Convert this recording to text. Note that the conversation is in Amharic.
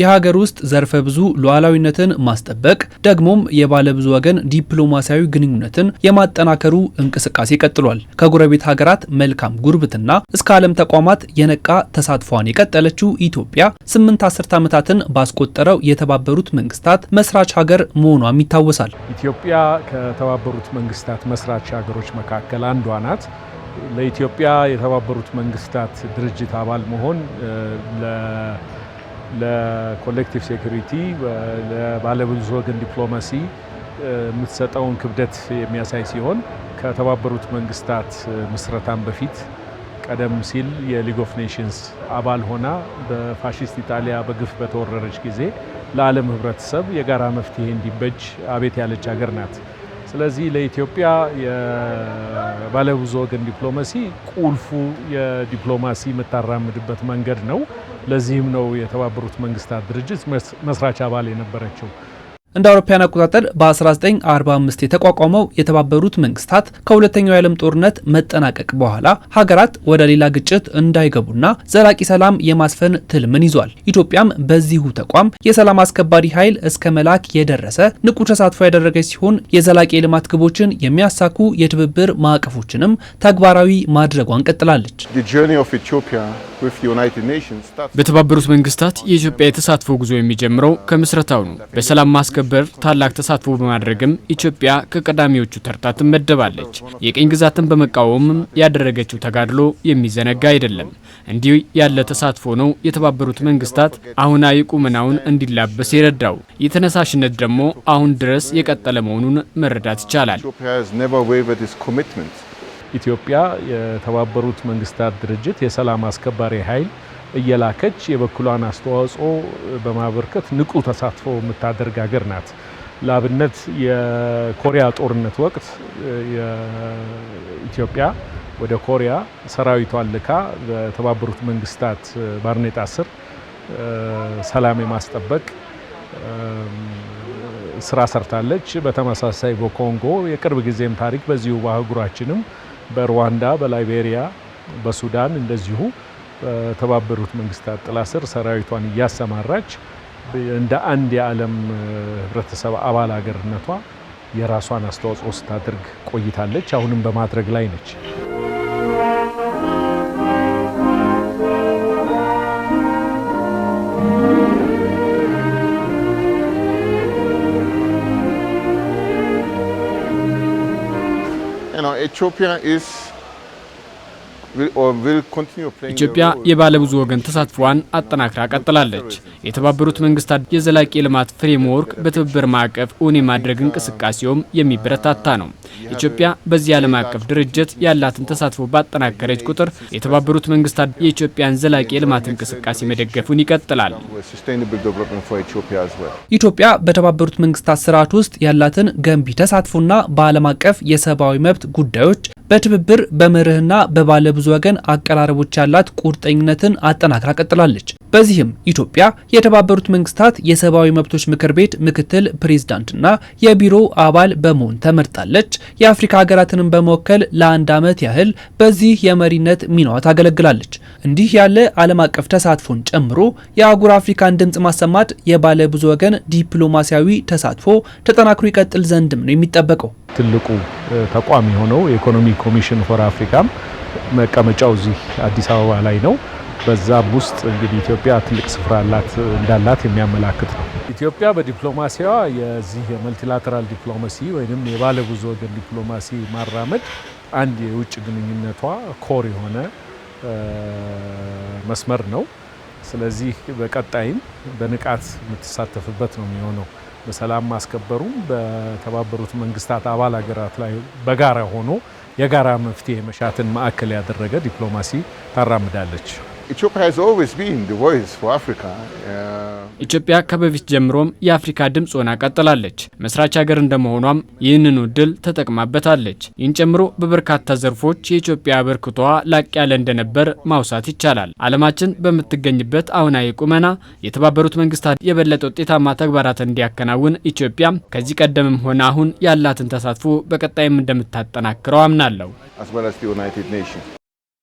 የሀገር ውስጥ ዘርፈ ብዙ ሉዓላዊነትን ማስጠበቅ ደግሞም የባለብዙ ወገን ዲፕሎማሲያዊ ግንኙነትን የማጠናከሩ እንቅስቃሴ ቀጥሏል። ከጎረቤት ሀገራት መልካም ጉርብትና እስከ ዓለም ተቋማት የነቃ ተሳትፏን የቀጠለችው ኢትዮጵያ ስምንት አስርት ዓመታትን ባስቆጠረው የተባበሩት መንግስታት መስራች ሀገር መሆኗም ይታወሳል። ኢትዮጵያ ከተባበሩት መንግስታት መስራች ሀገሮች መካከል አንዷ ናት። ለኢትዮጵያ የተባበሩት መንግስታት ድርጅት አባል መሆን ለኮሌክቲቭ ሴኩሪቲ ለባለብዙ ወገን ዲፕሎማሲ የምትሰጠውን ክብደት የሚያሳይ ሲሆን ከተባበሩት መንግስታት ምስረታን በፊት ቀደም ሲል የሊግ ኦፍ ኔሽንስ አባል ሆና በፋሽስት ኢጣሊያ በግፍ በተወረረች ጊዜ ለዓለም ህብረተሰብ የጋራ መፍትሄ እንዲበጅ አቤት ያለች ሀገር ናት። ስለዚህ ለኢትዮጵያ የባለብዙ ወገን ዲፕሎማሲ ቁልፉ የዲፕሎማሲ የምታራምድበት መንገድ ነው። ለዚህም ነው የተባበሩት መንግስታት ድርጅት መስራች አባል የነበረችው። እንደ አውሮፓያን አቆጣጠር በ1945 የተቋቋመው የተባበሩት መንግስታት ከሁለተኛው የዓለም ጦርነት መጠናቀቅ በኋላ ሀገራት ወደ ሌላ ግጭት እንዳይገቡና ዘላቂ ሰላም የማስፈን ትልምን ይዟል። ኢትዮጵያም በዚሁ ተቋም የሰላም አስከባሪ ኃይል እስከ መላክ የደረሰ ንቁ ተሳትፎ ያደረገች ሲሆን የዘላቂ የልማት ግቦችን የሚያሳኩ የትብብር ማዕቀፎችንም ተግባራዊ ማድረጓን ቀጥላለች። በተባበሩት መንግስታት የኢትዮጵያ የተሳትፎ ጉዞ የሚጀምረው ከምስረታው ነው። በሰላም ማስከ ማስከበር ታላቅ ተሳትፎ በማድረግም ኢትዮጵያ ከቀዳሚዎቹ ተርታ ትመደባለች። የቅኝ ግዛትን በመቃወምም ያደረገችው ተጋድሎ የሚዘነጋ አይደለም። እንዲህ ያለ ተሳትፎ ነው የተባበሩት መንግስታት አሁናዊ ቁመናውን እንዲላበስ የረዳው። የተነሳሽነት ደግሞ አሁን ድረስ የቀጠለ መሆኑን መረዳት ይቻላል። ኢትዮጵያ የተባበሩት መንግስታት ድርጅት የሰላም አስከባሪ ኃይል እየላከች የበኩሏን አስተዋጽኦ በማበርከት ንቁ ተሳትፎ የምታደርግ ሀገር ናት። ለአብነት የኮሪያ ጦርነት ወቅት ኢትዮጵያ ወደ ኮሪያ ሰራዊቷን ልካ በተባበሩት መንግስታት ባርኔጣ ስር ሰላም የማስጠበቅ ስራ ሰርታለች። በተመሳሳይ በኮንጎ የቅርብ ጊዜም ታሪክ በዚሁ በአህጉራችንም በሩዋንዳ፣ በላይቤሪያ፣ በሱዳን እንደዚሁ በተባበሩት መንግስታት ጥላ ስር ሰራዊቷን እያሰማራች እንደ አንድ የዓለም ህብረተሰብ አባል ሀገርነቷ የራሷን አስተዋጽኦ ስታደርግ ቆይታለች። አሁንም በማድረግ ላይ ነች። ኢትዮጵያ ኢትዮጵያ የባለብዙ ወገን ተሳትፏን አጠናክራ ቀጥላለች። የተባበሩት መንግስታት የዘላቂ ልማት ፍሬምወርክ በትብብር ማዕቀፍ እውን የማድረግ እንቅስቃሴውም የሚበረታታ ነው። ኢትዮጵያ በዚህ ዓለም አቀፍ ድርጅት ያላትን ተሳትፎ ባጠናከረች ቁጥር የተባበሩት መንግስታት የኢትዮጵያን ዘላቂ ልማት እንቅስቃሴ መደገፉን ይቀጥላል። ኢትዮጵያ በተባበሩት መንግስታት ስርዓት ውስጥ ያላትን ገንቢ ተሳትፎና በዓለም አቀፍ የሰብአዊ መብት ጉዳዮች በትብብር በመርህና በባለብዙ ወገን አቀራረቦች ያላት ቁርጠኝነትን አጠናክራ ቀጥላለች። በዚህም ኢትዮጵያ የተባበሩት መንግስታት የሰብአዊ መብቶች ምክር ቤት ምክትል ፕሬዝዳንትና የቢሮ አባል በመሆን ተመርጣለች። የአፍሪካ ሀገራትንም በመወከል ለአንድ ዓመት ያህል በዚህ የመሪነት ሚናዋ ታገለግላለች። እንዲህ ያለ ዓለም አቀፍ ተሳትፎን ጨምሮ የአህጉር አፍሪካን ድምፅ ማሰማት የባለብዙ ወገን ዲፕሎማሲያዊ ተሳትፎ ተጠናክሮ ይቀጥል ዘንድም ነው የሚጠበቀው። ትልቁ ተቋም የሆነው የኢኮኖሚ ኮሚሽን ፎር አፍሪካም መቀመጫው እዚህ አዲስ አበባ ላይ ነው። በዛም ውስጥ እንግዲህ ኢትዮጵያ ትልቅ ስፍራ እንዳላት የሚያመላክት ነው። ኢትዮጵያ በዲፕሎማሲዋ የዚህ የመልቲላተራል ዲፕሎማሲ ወይም የባለብዙ ወገን ዲፕሎማሲ ማራመድ አንድ የውጭ ግንኙነቷ ኮር የሆነ መስመር ነው። ስለዚህ በቀጣይም በንቃት የምትሳተፍበት ነው የሚሆነው። በሰላም ማስከበሩም በተባበሩት መንግስታት አባል ሀገራት ላይ በጋራ ሆኖ የጋራ መፍትሄ መሻትን ማዕከል ያደረገ ዲፕሎማሲ ታራምዳለች። Uh, ኢትዮጵያ ከበፊት ጀምሮም የአፍሪካ ድምፅ ሆና ቀጥላለች። መስራች ሀገር እንደመሆኗም ይህንኑ እድል ተጠቅማበታለች። ይህን ጨምሮ በበርካታ ዘርፎች የኢትዮጵያ አበርክቷ ላቅ ያለ እንደነበር ማውሳት ይቻላል። ዓለማችን በምትገኝበት አሁናዊ ቁመና የተባበሩት መንግስታት የበለጠ ውጤታማ ተግባራት እንዲያከናውን ኢትዮጵያ ከዚህ ቀደምም ሆነ አሁን ያላትን ተሳትፎ በቀጣይም እንደምታጠናክረው አምናለሁ።